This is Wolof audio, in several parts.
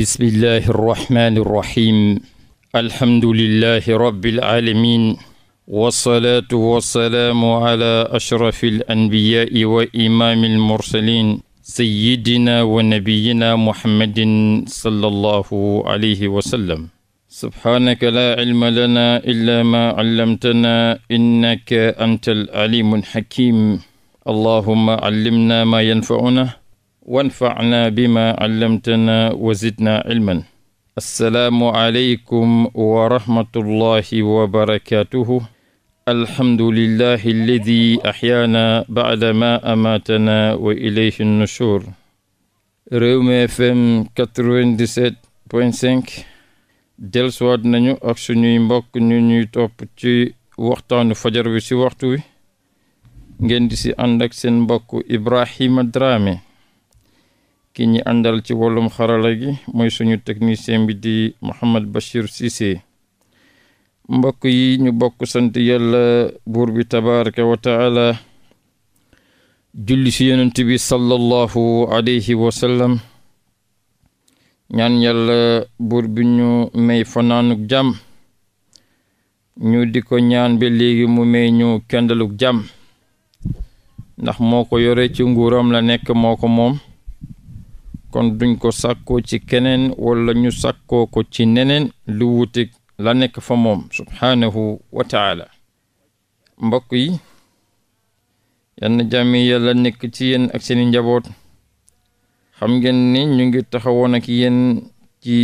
bismillahi irrahmani irrahim alhamdulilahi rabiilalamin walsalaatu walsalaamu ala ashrafi alanbiyaai wa imaami almursalin sayidina wa nabiyina muhammadin sallallahu alayhi wa sallam subhaanaka laa cilma lanaa illaa maa callamtanaa innaka anta alcalimu alxakim allahumma callimna maa yanfacuna wanfacnaa bimaa callamtanaa wa zidnaa cilman assalaamu aleykum wa rahmatullahi wa barakaatuhu alhamdulillahi alladi axyaanaa bacda maa amaatanaa wa ilayhi nushuur Rewmi FM 97.5 delsuwaat nañu ak suñuy mbokk ñu ñuy topp ci waxtaanu fajar wi ci waxtu wi ngeen di si ànd ak seen mbokk Ibrahima Dramé ki ñi àndal ci wàllum xarala gi mooy suñu technicien bi di Mouhamed Bachir Cissé mbokk yi ñu bokk sant yàlla buur bi tabaraka wa taala julli si yonent bi sallallahu alayhi wa ñaan yàlla buur bi ñu may fanaanuk jàmm ñu di ko ñaan ba léegi mu may ñu kendaluk jàmm ndax moo ko yore ci nguuram la nekk moo ko moom kon duñ ko sàkkoo ci keneen walla ñu sàkkoo ko ci neneen lu wutik la nekk fa moom subhaanahu wa taala mbokk yi yann jàmmi yàlla nekk ci yéen ak seeni njaboot xam ngeen ni ñu ngi taxawoon ak yéen ci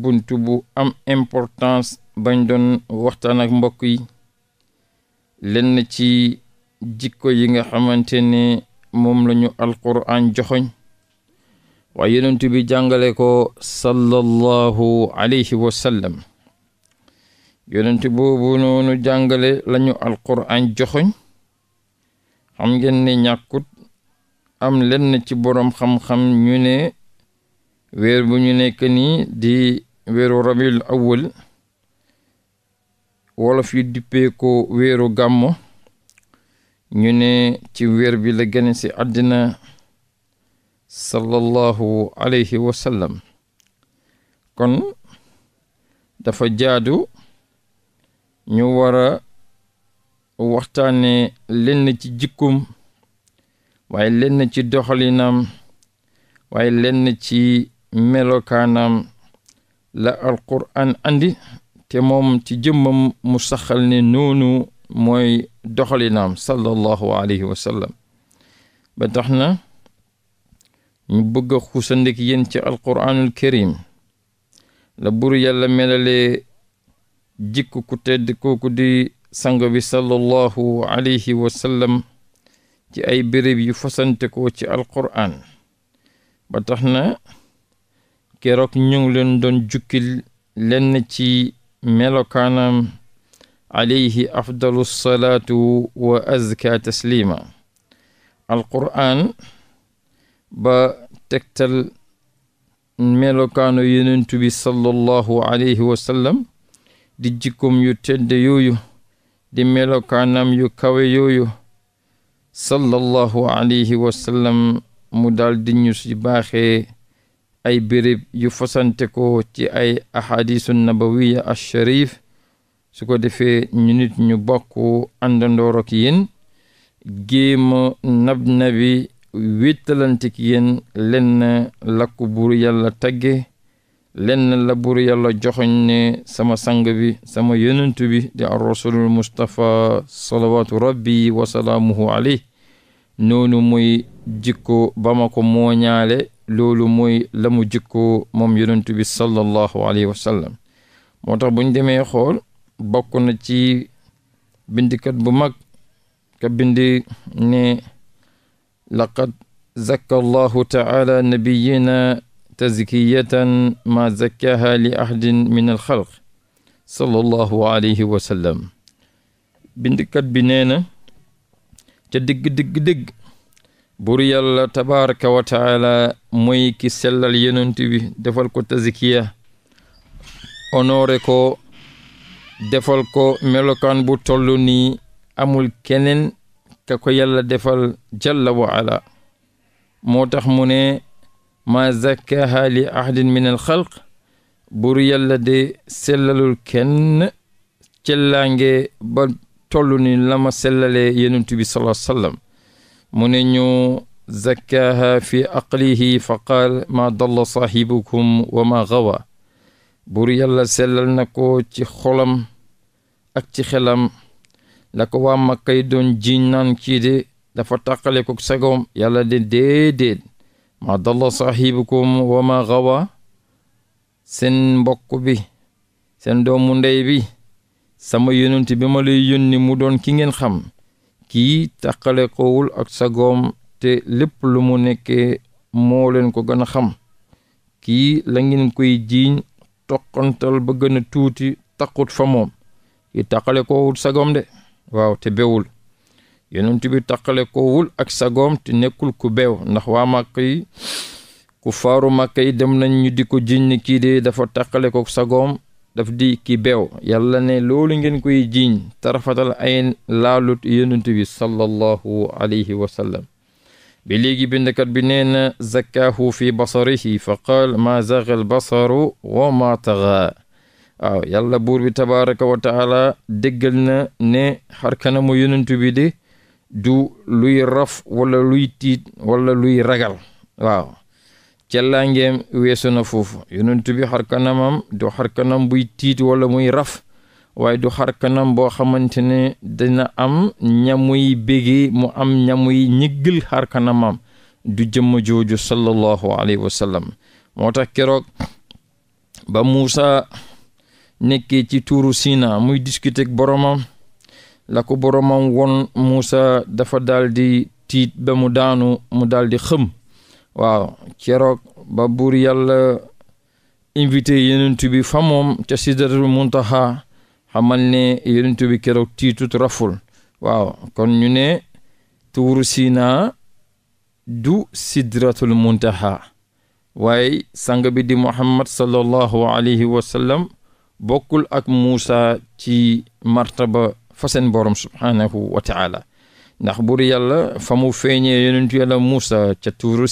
bunt bu am importance bañ doon waxtaan ak mbokk yi lenn ci jikko yi nga xamante ne moom lañu ñu alquran joxoñ waa yonent bi jàngale ko sallallahu alayhi wa sallam yonent boobu noonu jàngale lañu alquran joxoñ xam ngeen ñàkkut am lenn ci boroom xam-xam ñu ne weer bu ñu nekk nii di weeru rabiul awwal wolof yi duppee ko weeru gàmmo ñu ne ci weer bi la gane si àddina sallallahu alayhi wa sallam kon dafa jaadu ñu wara waxtaane lenn ci jikkum waaye lenn ci doxalinam waaye lenn ci melokaanam la alquran andi te moom ci jëmmam mu saxal ne noonu mooy doxalinam sallallahu alayhi wa ba tax na ñu bëgg a xuusandik yéen ci alquraanul karim la bur yàlla melalee jikku ku tedd kooku di sango bi sallallahu alayhi wa ci ay béréb yu fasante ko ci alquraan ba tax na keroog ñu ngi leen doon jukkil lenn ci melokaanam alayhi afdalu salaatu wa azka taslima alquraan ba tegtal melokaano yenentu bi sallallahu alayhi wa di jikkoom yu tedd yooyu di melokaanam yu kawe yooyu sallallahu alayhi wa mu daldi ñu si baaxee ay béréb yu fasante ko ci ay ahadisu nabawiya asharif su ko defee ñu nit ñu bokk àndandoor ak yéen géema nab nabi wéttalantik yéen lenn la ko buur yàlla tagge lenn la buur yàlla joxoñ ne sama sang bi sama yonent bi di ar rasulul mustapha salawatu rabbi wa salaamuhu alayh noonu mooy jikko ba ko mooñaale loolu mooy la jikko moom yonent bi sallallahu alayhi wa sallam moo tax buñ demee xool bokk na ci bindikat bu mag ka ne laqad zakka allahu taala nabiyina tazkiyatan ma zakkaha li ahdin min alxalq sallallahu alayhi wa sallam bindkat bi nee na ca digg-digg-digg bur yàlla tabaraka wa ki sellal yonent defal ko tazkiya honoré ko defal ko melokaan bu toll nii amul keneen te ko yàlla defal jalla tax mu ne maa zakkaha li ahadin min al buru yàlla de sellalul kenn cellaange ba toll ni lama sellale sellalee yenentu bi salaa sallam mu ne ñu zakkaaha fi aqlihi fa qaal maa dalla saahibukum wa maa gawa buru yàlla sellal ko ci xolam ak ci xelam la ko waa Makka doon jiiñ naan kii de dafa tàqale ko sagoom yàlla de déedéet ma dalla saaxibukum wa ma gawa seen mbokk bi seen doomu ndey bi sama yonent bi ma lay yónni mu doon ki ngeen xam kii tàqale kowul ak sagoom te lépp lu mu nekkee moo leen ko gën a xam kii la ngeen koy jiiñ toqantal ba gën a tuuti taqut fa moom kii tàqale kowul sagoom de waaw te bewul yonent bi taqale kowul ak sagoom te nekkul ku beew ndax waa màkk yi ku faaru màkk yi dem nañ ñu di ko jiñ ne kii de dafa taqale ko sagoom daf di ki beew yàlla ne lool ngeen koy jiiñ tarafatal ayn laalut yonent bi sallallahu alayhi wa sallam bi léegi bindkat bi nee na zakkaahu fi basarihi fa qaal maa zaga al basaru wa maa tagaa waaw yàlla buur bi tabaraka wa taala déggal na ne xar kanamu yonent bi de du luy raf wala luy tiit wala luy ragal waaw cellaangeem weesu na foofu yonent bi xar kanamam du xar kanam buy tiit wala muy raf waaye du xar kanam boo xamante ne dina am ñamuy bégee mu am ñamuy ñiggal xar kanamam du jëmma jooju sallallahu alayhi wa sallam keroog ba Muusa nekkee ci tuuru Sina muy discuter ak boromam la boromam won Muusa dafa daal di tiit ba mu daanu mu daal di xëm waaw ceroog ba buur yàlla invité yenentu bi fa moom ca sidratul muntaha xamal ne yenentu bi keroog tiitut raful waaw kon ñu ne tuuru Sina du sidratul muntaha waaye sang bi di Muhammad sallallahu alayhi wa bokkul ak Muusa ci martaba fa seen borom subhaanahu wa ndax buur yàlla fa mu feeñee yonentu yàlla Muusa ca tuuru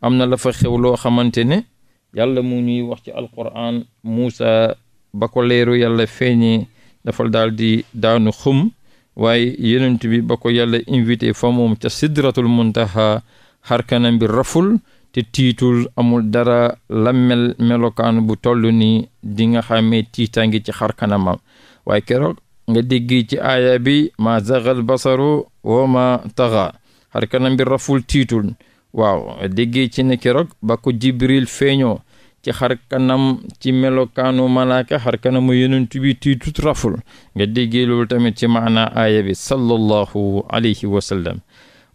am na la fa xew loo xamante ne yàlla mu ñuy wax ci alquran Muusa ba leeru yàlla feeñee dafa daal di daanu xum waaye yonent bi ba ko yàlla invité fa moom ca sidratul muntaha xarkanam bi raful te tiitul amul dara la mel melokaan bu toll nii di nga xamee ngi ci xar kanamam waaye keroog nga dégg ci aaya bi ma zagal basaru wa ma taxa xar kanam bi raful tiitul waaw dégg ci ne keroog ba ko jibril feeñoo ci xar ci melokaanu malaaka xar kanamu yonent raful nga déggee loolu tamit ci maanaa aaya bi sallallahu alayhi wa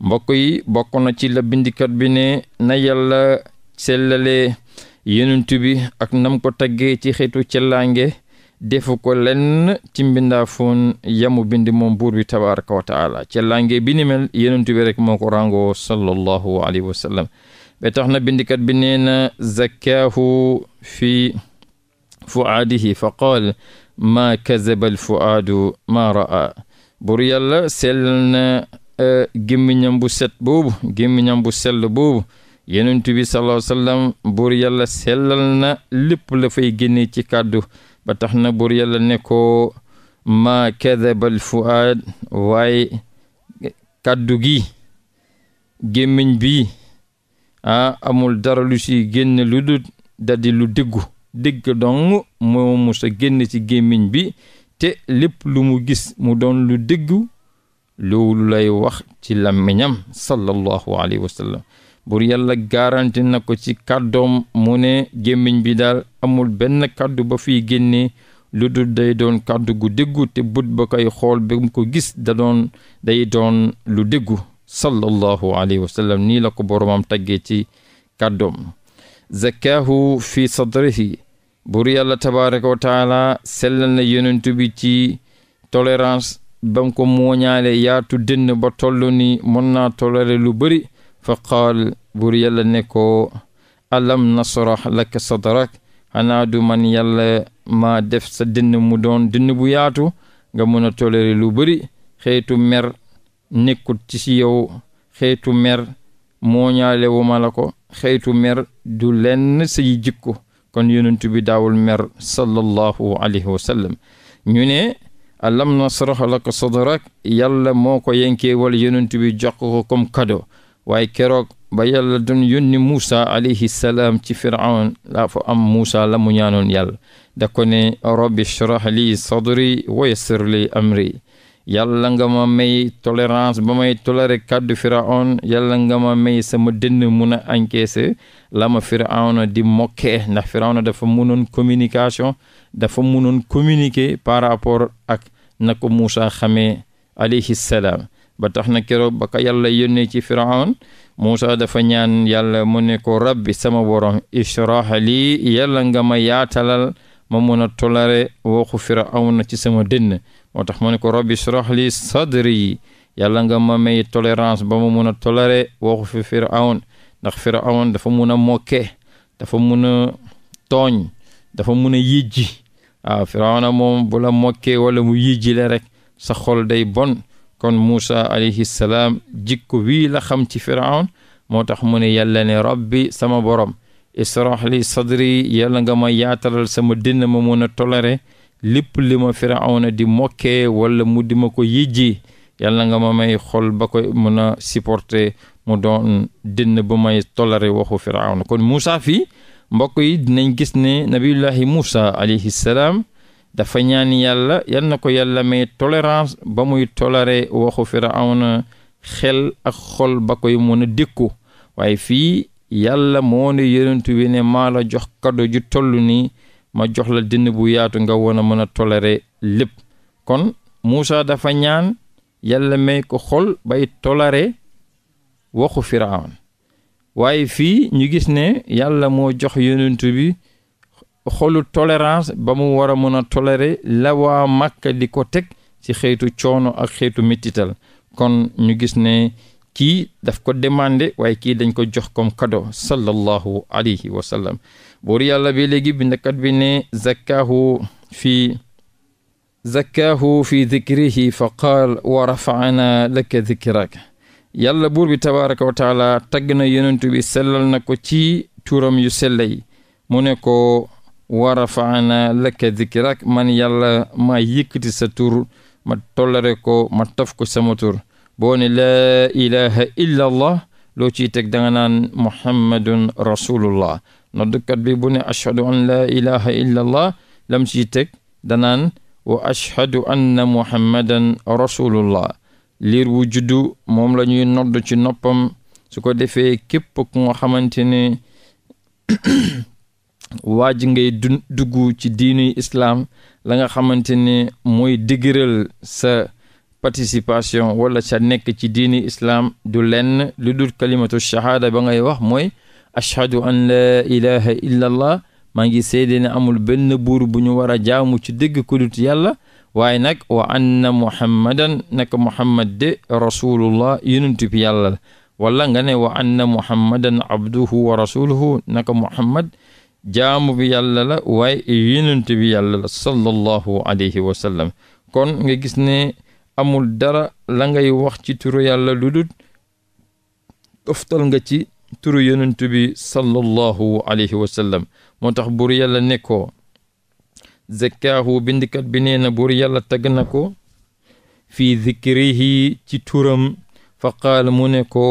mbokk yi bokk na ci la bindikat bi ne na yàlla sellalee yonent bi ak nam ko taggee ci xeetu cellaange defu ko lenn ci mbindaafoon yamu bind moom buur bi tabaraka wa taala cellaange bi ni mel yonent bi rek moo ko ràngoo sallallahu alayhi wa sallam tax na bindikat bi nee na zakkaahu fi fuaadihi fa qaal maa kazaba alfuaadu maa raa buur yàlla sellal na E, gémmiñam bu set boobu gémmiñam bu sell boobu yonent bi sallallahu alayhi wasallam buur yàlla sellal na lépp la fay génnee ci kàddu ba tax na buur yàlla ne ko maa kadabal fuaad waaye kàddu gi gémmiñ bi ah amul dara lu ci génn lu du daldi lu déggu dégg dong moo musa génn ci gémmiñ bi te lépp lu mu gis mu doon lu déggu loolu lay wax ci làmmiñam sallallahu alayhi wa sallam bur yàlla garanti na ko ci kàddoom mu ne gémmiñ bi daal amul benn kàddu ba fi génnee lu dul day doon kàddu gu déggu te but ba koy xool ba mu ko gis da doon day doon lu déggu sallallahu alayhi wa sallam nii la ko boromam taggee ci kàddoom zakkaahu fi sadrihi bur yàlla tabaraka wa sellal na yonentu ci tolérance ba nga ko mooñaale yaatu dënn ba toll ni mën naa tollale lu bëri fa qaal buur yàlla ne ko alam nasrah laka sadrak xanaa du man yàlla maa def sa dënn mu doon dënn bu yaatu nga mën a tollale lu bëri xeetu mer nekkut ci si yow xeetu mer mooñaale wu ma la ko xeetu mer du lenn say jikko kon yonent bi daawul mer sallallahu alayhi wa sallam ñu ne alam nasrah laka sadrak yàlla moo ko yenkeewal yonent bi jox ko comme cadeau waaye keroog ba yàlla doon yónni Muusa alayhi salaam ci firawn laa fa am Muusa la mu yàlla da ko ne rabbi shrah li sadri wa yassir li amri nga ma may tolérance ba may toléré kaddu firawn yalla nga ma may sama dënn mun a encaissé lama ma firawn di mokkee ndax firawn dafa munoon communication dafa munoon communiquer par rapport ak na ko Muusa xamee alayhi salaam ba tax na keroog ba ko yàlla yónnee ci firawn Muusa dafa ñaan yàlla mu ne ko rabbi sama borom ishrah lii yàlla nga ma yaatalal ma mun a tolare waxu firawna ci sama dënn moo tax mu ne ko rabbi ishrah li sadri yàlla nga ma may tolérance ba ma mun a tolare waxu fi firawn ndax firawn dafa mun a mokke dafa mun a tooñ dafa mun a waaw ah, firawna moom bu mokke mokkee wala mu yijji la rek sa xol day bon kon Muusa alayhi salaam jikko wii la xam ci firawn moo tax mu ne yàlla ne rabbi sama borom israh li sadri yàlla nga ma yaatalal sama dënn ma mun a tolere lépp li ma firawna di mokkee wala mu di ma ko yijji yalla nga ma may xol ba ko mun a sipporte mu doon dënn ba may tolere waxu firawn kon Muusa fii mbokk yi dinañ gis ne nabiyullahi Muusa alayhi salaam dafa ñaan yàlla yal na ko yàlla may tolérance ba muy toléré waxu firawna xel ak xol ba koy mën a dékku waaye fii yàlla moo ne yonentu bi ne maa jox kado ju toll nii ma jox la dënn bu yaatu nga woon a mën a toléré lépp kon Muusa dafa ñaan yàlla may ko xol bay toléré waxu firawna waaye fii ñu gis ne yàlla moo jox yonent bi xolu tolérance ba mu war a mën a tolérer lawa waa Màkka di ko teg ci xeetu coono ak xeetu mettital kon ñu gis ne kii daf ko demande waaye kii dañ ko jox comme cadeau sallallahu alayhi wa sallam buur yàlla bi léegi bindkat bi ne zakkaahu fii zakkaahu fi dikrihi fa qaal wa rafaana laka dikraka yàlla buur bi tabaraka wa taala tagg na yonent bi na ko ci turam yu sella yi mu ne ko wa rafaana laka dikrak man yàlla ma yëkkati sa tuur ma tollare ko ma taf ko sama tur boo ne laa ilaha illa loo ciy teg da nga naan muhammadun rasulullah noddkat bi bu ne ashhadu an laa ilaha illa lam ciy teg danaan wa ashhadu anna muhammadan rasulullah liir wu juddu moom la ñuy nodd ci noppam su ko defee képp ku nga xamante ne waaj ngay dugg ci diini islaam la nga xamante ne mooy digëral sa participation wala sa nekk ci diini islaam du lenn lu dul kalimatu shahaada ba ngay wax mooy ashhadu an la ilaha illa allah maa ngi seede ne amul benn buur bu ñu war a jaamu ci dëgg ku dut yàlla waaye nag wa anna muhammadan naka muhammad de rasulullah yonent yàlla la wala nga ne wa anna muhammadan abduhu wa rasuluhu naka muhammad jaamu bi yàlla la waaye yonent yàlla la sallallahu alayhi wa sallam kon nga gis ne amul dara la ngay wax ci turu yàlla lu dul nga ci turu yonent bi sallallahu alayhi wa moo tax buur yàlla nekkoo zakkaahu bindikat bi nee na buur yàlla tagg na ko fii zikrihi ci turam fa qaal mu ne ko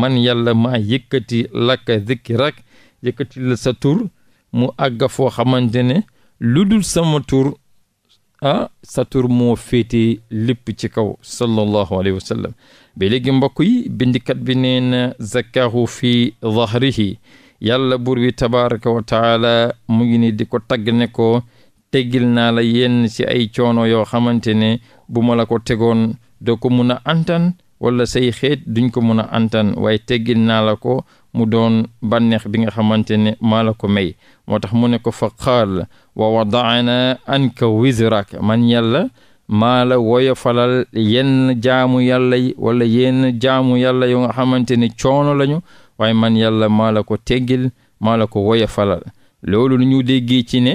man yàlla maa yëkkati lakka zikrak yëkkati la sa tur mu àgga foo xamante ne lu sama tur ah sa tur moo féete lépp ci kaw sallallahu alayhi wa sallam ba léegi mbokk yi bindikat bi nee na zakkaahu fii zahrihi yàlla buur bi tabaraka wa taala mu ngi ni di ko tagg ne ko teggil naa la yenn ci ay coono yoo xamante ne bu ma la ko tegoon doo ko mun a antan wala say xeet duñ ko mun a antan waaye teggil naa la ko mu doon banneex bi nga xamante ne maa ko may moo tax mu ne ko fa qaal wa wadaana anka wizrak man yàlla maa la woyo falal yenn jaamu yàlla yi wala yenn jaamu yàlla yoo nga xamante ne coono lañu waaye man yàlla maa la ko teggil maa la ko woya falal loolu lu ñu déggee ci ne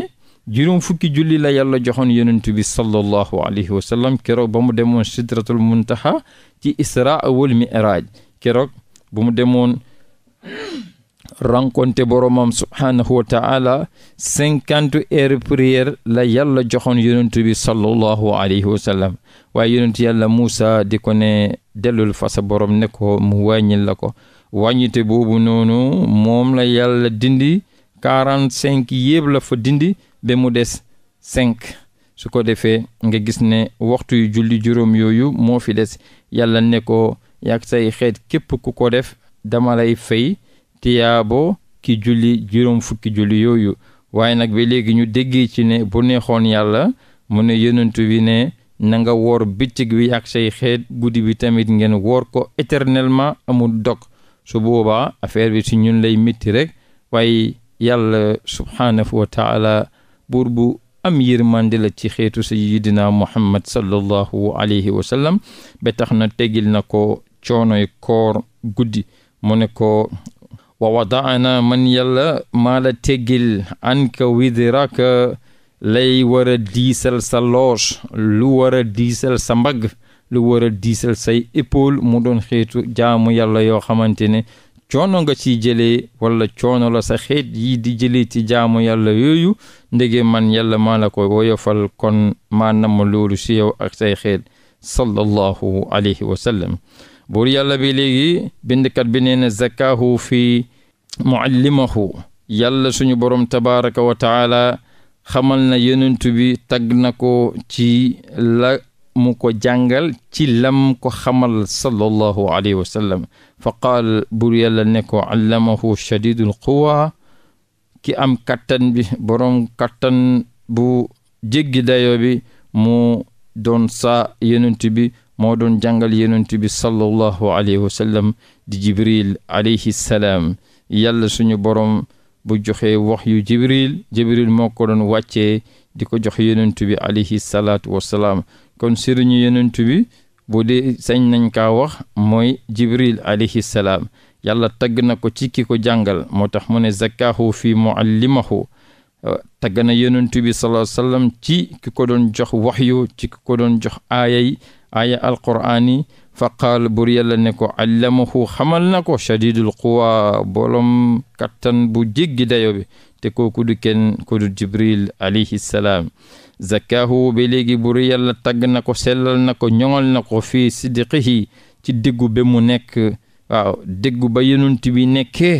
juróom fukki julli la yàlla joxoon yonent bi sallallahu alayhi wa sallam keroog ba mu demoon sidratul muntaha ci isra wal mi'raj keroog ba mu demoon rencontré boromam subhaanahu wa taala cinquante heures la yàlla joxoon yonent bi sallallahu alayhi wa sallam waaye yonent yàlla Muusa di ko ne dellul fa sa borom ne ko mu wàññil la ko wàññite boobu noonu moom la yàlla dindi quarante cinq yëpp la fa dindi ba mu des cinq su ko defee nga gis ne waxtu julli juróom yooyu moo fi des yàlla ne ko yàgg say xeet képp ku ko def dama lay fay tiyaabo ki julli juróom fukki julli yooyu waaye nag ba léegi ñu déggee ci ne bu neexoon yàlla mu ne yonent bi ne na nga woor bëccëg bi ak say xeet guddi bi tamit ngeen woor ko éternellement amul dog su boobaa affaire bi si ñun lay métti rek waaye yàlla subhaanahu wa taala buur bu am yërmande la ci xeetu sayidina muhammad sallallahu alayhi wa sallam na tegil na ko coonoy koor guddi mu ne ko wa wadaana man yàlla maa la teggil anka widraka lay wara a diisal sa loos lu war a diisal sa mbagg lu war a diisal say épaule mu doon xeetu jaamu yàlla yoo xamante ne coono nga ci jëlee wala coono la sa xeet yi di jëlee ci jaamu yàlla yooyu ndege man yàlla mala ko woyofal kon maa namm loolu si yow ak say xeet sallallahu alayhi wa sallam buur yàlla bi léegi bindkat bi nee na zakaahu fi muallimahu yàlla suñu borom tabaraka wa xamal na yonent bi ko ci la mu ko jàngal ci lam ko xamal sallallahu alayhi wa sallam fa qaal bur yàlla ne ko allamahu shadidul quwa ki am kattan bi borom kattan bu jéggi dayo bi mu doon saa yonent bi moo doon jàngal yonent bi sallallahu alayhi wa sallam di jibril alayhi salaam yàlla suñu borom bu joxe wax yu jibril jibril moo ko doon wàccee di ko jox yonent bi alayhi salaatu wassalaam kon sëriñu yonent bi bu de sañ nañ ka wax mooy jibril alayhi salaam yàlla tagg na ko ci ki ko jàngal moo tax mu ne zakkaahu fi muallimahu uh, tagg na yonent bi sallallahu alayhi ci ki ko doon jox waxyu ci ki ko doon jox aaya yi aaya alquraani fa qaal bur yàlla ne ko allamahu xamal na ko shadidul quwa bolom kattan bu jéggi dayo bi te kooku du kenn ku du jibril alayhi salaam zakkaahu ba léegi buru yàlla tagg na ko sellal na ko ñoŋal na ko fii sidqihi ci déggu ba mu nekk waaw déggu ba yonent bi nekkee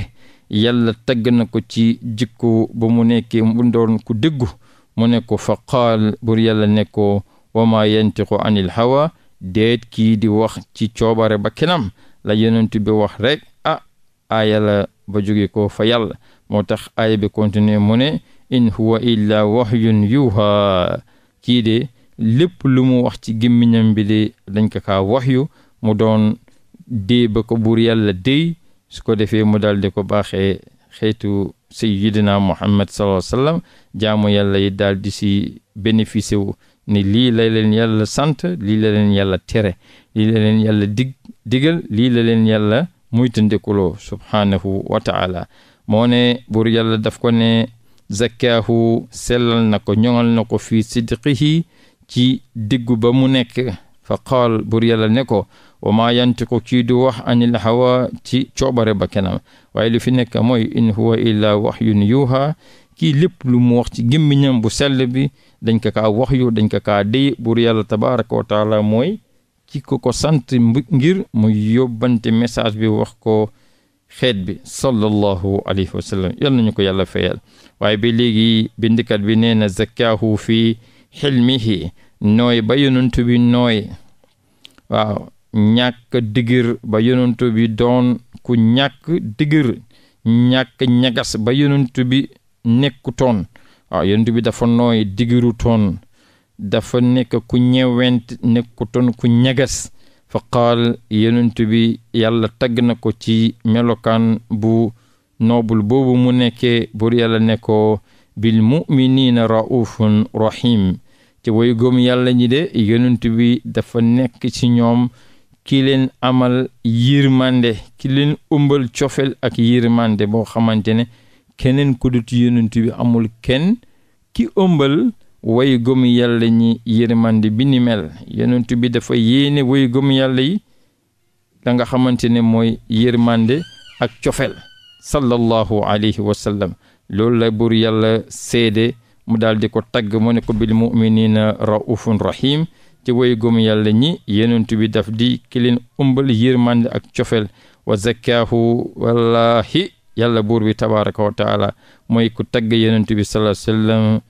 yàlla tagg na ko ci jikko ba mu nekkee mu ku déggu mu ne ko fa qaal buru yàlla ne ko wa maa yantiqu anil hawa déet kii di wax ci coobare ba kenam la yonent bi wax rek ah aaya la ba jóge ko fa moo tax aaya bi continuer mu ne in huwa illa wahyun yuha kii de lépp lu mu wax ci gémmiñam bi de dañ ko kaa waxyu mu doon dee ba ko buur yàlla dey su ko defee mu daal ko baaxe xeetu sayyidina muhammad sallallahu alayhi wasallam jaamu yàlla yi daal di si bénéficié wu ni lii la leen yàlla sant lii la yàlla tere lii la digal lii la muy tëndekuloo subhaanahu wa taala moo ne yàlla daf ko ne zakkaahu sellal na ko ñoŋal na ko fii sidqihi ci diggu ba mu nekk fa qaal buur yàlla ne ko wa maa yantiqu kii du wax anil hawa ci coobare ba kenam waaye lu fi nekk mooy in huwa illaa wahyun yuuha kii lépp lu mu wax ci gémmiñam bu sell bi dañ ko ka wax yu dañ ko ka déy buur yàlla tabaraka wa taala mooy ki ko ko sant ngir mu yóbbante message bi wax ko xeet bi sallallahu alayhi wa sallam yal nañu ko yàlla fayal waaye ba léegi bindikat bi nee na zakkaahu fi xilmihi nooy ba yonent bi nooy waaw ñàkk digir ba yonent bi doon ku ñàkk digir ñàkk ñagas ba yonent bi nekkutoon waaw yonent bi dafa nooy digiru toon dafa nekk ku ñewent nekkutoon ku ñeges fa qaal yonent bi yàlla tagg na ko ci melokaan bu noobul boobu mu nekkee bur yàlla ne ko bil muminina raufun rahim ci woy yàlla ñi de yonent bi dafa nekk ci ñoom ki leen amal yirmande ki leen ëmbal cofel ak yirmande boo xamante ne keneen ku dut bi amul kenn ki ëmbal way gëm yàlla ñi yërmande bi ni mel yonent dafa yéene way gëm yàlla yi da nga xamante ne mooy yërmande ak cofel sallallahu alayhi wa loolu la buur yàlla seede mu daal di ko tagg mu ne ko bil muminina raufun rahim ci way gëm yàlla ñi yonent bi daf di ki leen umbal ak cofel wa zakkaahu wallahi yàlla buur bi tabaraka wa taala mooy ku tagg yonent bi sallallahu alayhi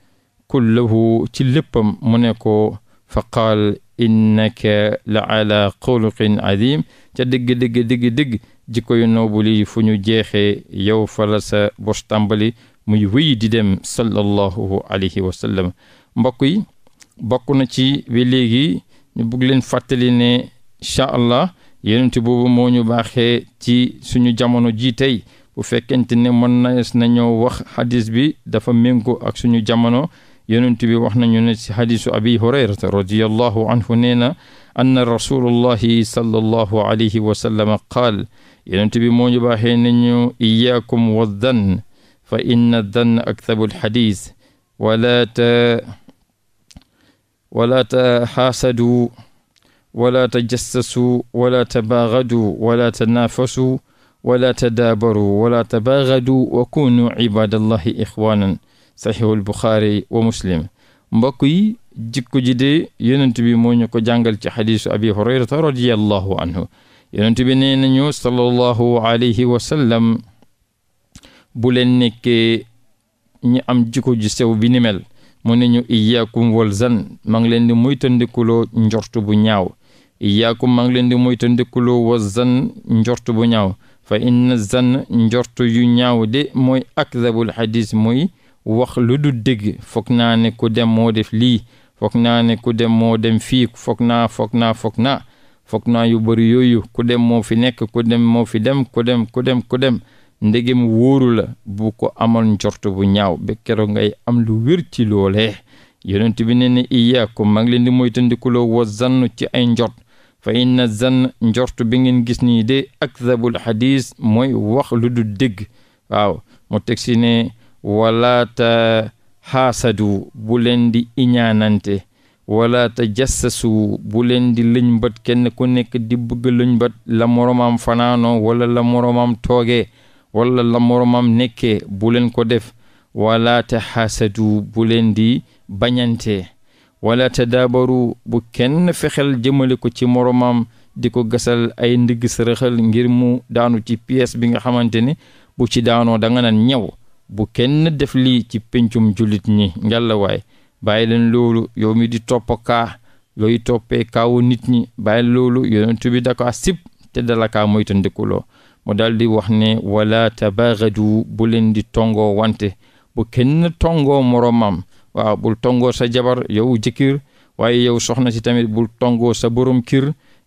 kullahu ci léppam mu ne ko fa qaal innaka la ala xuluqin azim ca dëgg dëgg dëgg dëgg jikko yu noobul fu ñu jeexee yow fa la sa bos tàmbali muy wéy di dem sallallahu alayhi wa sallam mbokk yi bokk na ci ba léegi ñu bugg leen fàttali ne incha allah yonent boobu moo ñu baaxee ci suñu jamono jii tey bu fekkente ne mën na nañoo wax hadis bi dafa méngoo ak suñu jamono yonent bi wax nañu ne ci xadisu abi hurayrata radiallahu anhu nee na anna rasulullahi sallallahu alayhi wa sallam qaal yonent bi moo ñu baaxee nañu iyaakum wa dann fa inna dann aktabu alxadis wala ta wala taxaasadu wala tajassasu wala tabaagadu wala tanaafasu wala tadaabaru wala tabaagadu wa kunu ibadallahi ixwaanan saxiihul buxaari wa muslim mbokk yi jikko ji de yonent bi moo ko jàngal ci xadiisu abi hurayrata radiallahu anhu yonent bi nee nañu sallallahu alayhi wa sallam bu leen nekkee ñi am jikko ji sew bi ni mel mu ne ñu iyaakum wal zan maa ngi leen di moytandikuloo njort bu ñaaw iyaakum maa ngi leen di moytandikuloo wa zan njort bu ñaaw fa inna zan njort yu ñaaw de mooy akdabul xadiis mooy wax lu du dëgg foog naa ne ku dem moo def lii foog naa ne ku dem moo dem fii foog naa foog naa foog naa foog naa yu bëri yooyu ku dem moo fi nekk ku dem moo fi dem ku dem ku dem ku dem ndegem wóoru la bu ko amal njortu bu ñaaw ba keroog ngay am lu wér ci loolee yonent bi ne ne iyaakum maa ngi leen di moytandikuloo wa ci ay njort fa inna zann njort bi ngeen gis nii de ak akzabul xadis mooy wax lu du dëgg waaw mu teg ne wala ta xaasadu bu di iñaanante wala te jassasu bu leen di lëñbët kenn ku nekk di bëgg lëñbët la moroomam fanaanoo wala la moroomam toogee wala la moroomam nekkee bu leen ko def wala te xaasadu bu di bañante wala te daabaru bu kenn fexeel jëmale ko ci moroomam di ko gasal ay ndigg sërëxal ngir mu daanu ci pièce bi nga xamante ni bu ci daanoo da nga naan ñëw bu kenn def lii ci pencum jullit ñi ngella waay leen loolu yow mi di topp kaa looy toppee kaawu nit ñi bàyyi loolu yonentu bi dakaa sib te dalakaa moytandikuloo mu daal di wax ne wala tabaagadu bu leen di tongoo wante bu kenn tongoo moroomam waaw bul tongoo sa jabar yow jëkkër waaye yow soxna si tamit bul tongoo sa borom kër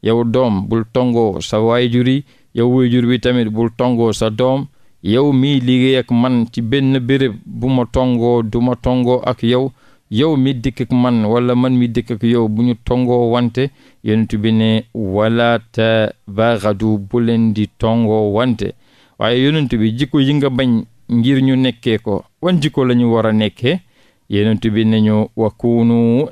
yow doom bul tongoo sa waayjur yi yow waayjur bi tamit bul tongoo sa doom yow mi liggéey ak man ci benn béréb bu ma tongoo du ma tongoo ak yow yow mi dikk man wala man mi dikk ak yow bu ñu tongoo wante yonent bi ne wala tabaagadu bu leen di tongoo wante waaye yonent bi jikko yi nga bañ ngir ñu nekkee ko wan jikko la ñu war a nekkee yonent bi ne ñu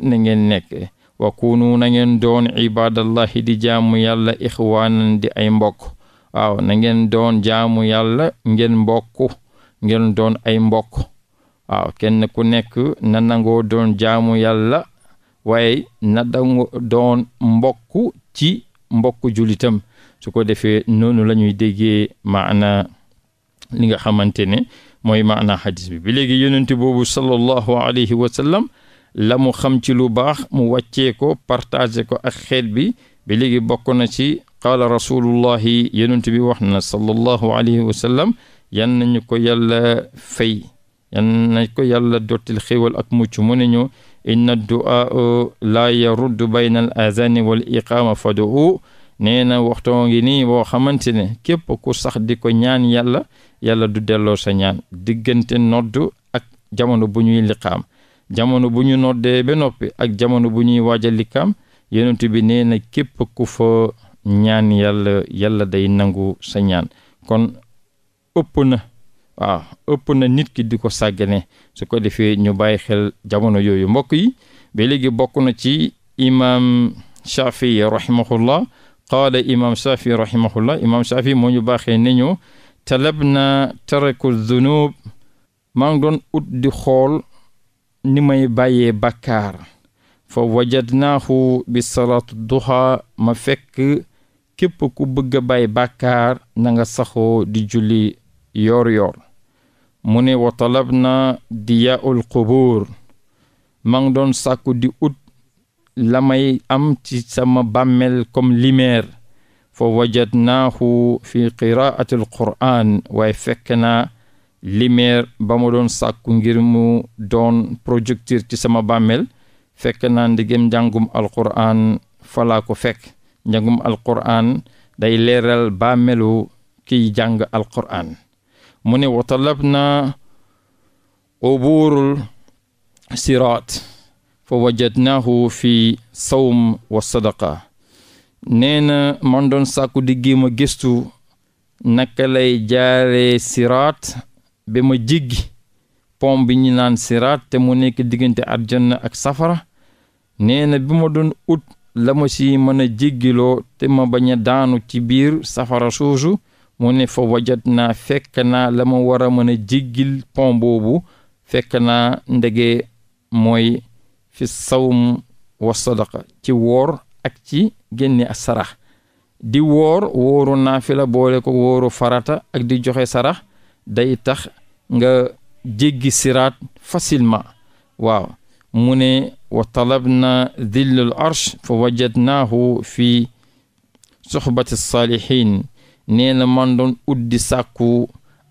na ngeen nekk wakuunu na ngeen doon ibadallahi di jaamu yàlla ixwaanan di ay mbokk waaw na ngeen doon jaamu yàlla ngeen mbokk ngeen doon ay mbokk waaw kenn ku nekk na nangoo doon jaamu yàlla waaye na doon mbokku ci mbokk jullitam su ko defee noonu la ñuy déggee maana li nga xamante ne mooy maana xadis bi bi léegi yonente boobu sallallahu alayhi wa sallam la mu xam ci lu baax mu wàccee ko partagé ko ak xeet bi bi léegi bokk ci qaala rasulullahi yonent bi wax na sallallahu alayhi wa sallam yan nañu ko yàlla fay yan nañ ko yàlla dottil xéwal ak mucc mu ne ñu inna du'a laa yaruddu bayna al azani wal iqaama fad'u nee na waxtoo ngi nii boo xamante ne képp ku sax di ko ñaan yàlla yàlla du delloo sa ñaan diggante noddu ak jamono bu ñuy liqaam jamono bu ñu noddee ba noppi ak jamono bu ñuy waaj a liqaam yonent bi nee na képp ku fa ñaan yàlla yàlla day nangu sa ñaan kon ëpp na waaw ëpp na nit ki di ko sàggane su ko defee ñu bàyyi xel jamono yooyu mbokk yi ba léegi bokk na ci imaam Shafii rahimahullah qaala imaam Shafii rahimahullah imaam Shafii moo ñu baaxee ne ñu talab na taraku zunub maa ngi ut di xool ni may bàyyee bàkkaar fa wajadnaahu bi salaatu duha ma fekk képp ku bëgg a bàyyi bàkkaar na saxoo di julli yoor mu ne wa na diyaul qubur ma doon sàkku di ut la may am ci sama bàmmel comme limeer fa naaxu fi qiraati al waaye fekk naa limeer ba mu doon sàkku ngir mu doon projecteur ci sama bàmmel fekk naa ndigem njàngum alquran falaa ko fekk njàngum alqur'aan day leeral bàmmelu kiy jàng alqur'aan mu ne wa talabna ubuurul siraat fa wajadnaahu fi sawm wa sadaqa nee na man doon sàkku di géema gistu naka lay jaaree siraat bi ma jiggi pom bi ñu naan siraat te mu nekk diggante arjanna ak safara nee na bi ma doon ut la ma si mën a jéggiloo te ma bañ a daanu ci biir safara soosu mu ne fa wajat naa fekk na la ma war a mën a jéggil pont boobu fekk naa ndege mooy fi sawm wa sadaqa ci woor ak ci génne a sarax di woor wóoru naafila boole ko wooru farata ak di joxe sarax day tax nga jéggi siraat facilement waaw mu ne wa talabna dillul arsh fa wajadnaahu fi soxbati saalihin nee na man doon uddi sàkku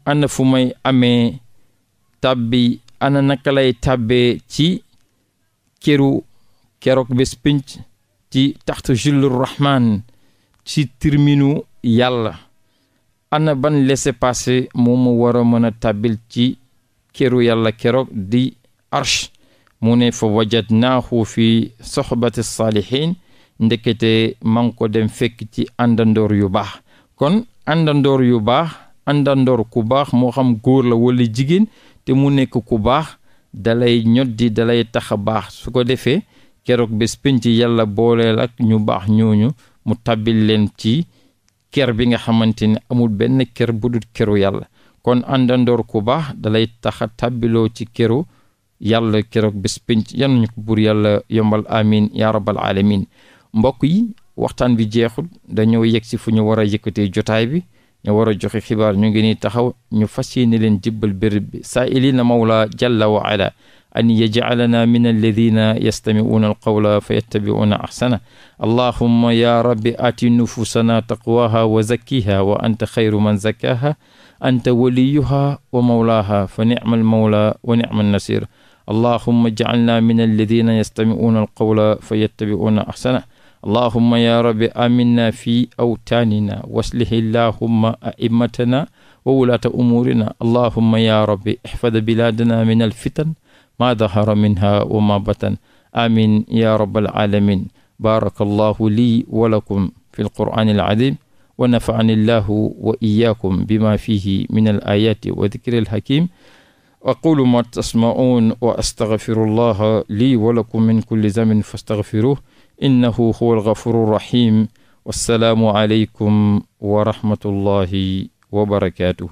ana fu may ame tàbbi ana naka lay tàbbee ci këru keroog bés pinc ci taxtu jillu rahman ci tirminu yàlla ana ban laissez-passer moo mu war a mën a tàbbil ci këru yàlla keroog di arsh mu ne fa wajadnaahu fi soxbati saalihin ndekete man ko dem fekk ci àndandoor yu baax kon àndandoor yu baax àndandoor ku baax moo xam góor la wala jigéen te mu nekk ku baax dalay ñoddi dalay tax a baax su ko defee keroog bés pénc yàlla booleel ak ñu baax ñooñu mu tabbil leen ci ker bi nga xamante ne amul benn ker bu budul keru yàlla kon àndandoor ku baax dalay tax a tabbiloo ci keru yàlla keroog bés pénc yal nañu ko buur yàlla yombal amin ya rabbal alamin mbokk yi waxtaan bi jeexul dañoo yegg si fu ñu war a yëkkatee jotaay bi ñu war a joxe xibaar ñu ngi nii taxaw ñu fas ni leen jibbal béréb bi saa ilina mawla jalla wa ala an yajcalana min alladina yastamicuuna alqawla allahumma ya rabbi aati nufusana wa zakkiha wa anta xayru man zakkaha anta waliyuha wa mawlaaha fa nicma almawla wa nicma annasir allahuma jacalna min alladina yastamicuuna alqawla fa yattabicuuna axsana allahuma ya rabbi aminna fi awtaanina waslih illahuma aimatana wa wulaata umuurina allahuma ya rabbi ixfad bilaadana min alfitan ma dahara minha wa ma batan amin ya rabbal alamin baraka allahu lii wa lakum fi alqur'ani alazim wa nafacani allahu wa iyaakum bima fihi min alayaati wa dikri alhakim aqulu ma tasma'uun wa astaghfirullaha lii wa lakum min kulli zamin fastaghfiruhu innahu huwal ghafurur rahim wassalaamu aleykum wa rahmatullahi wa barakaatuh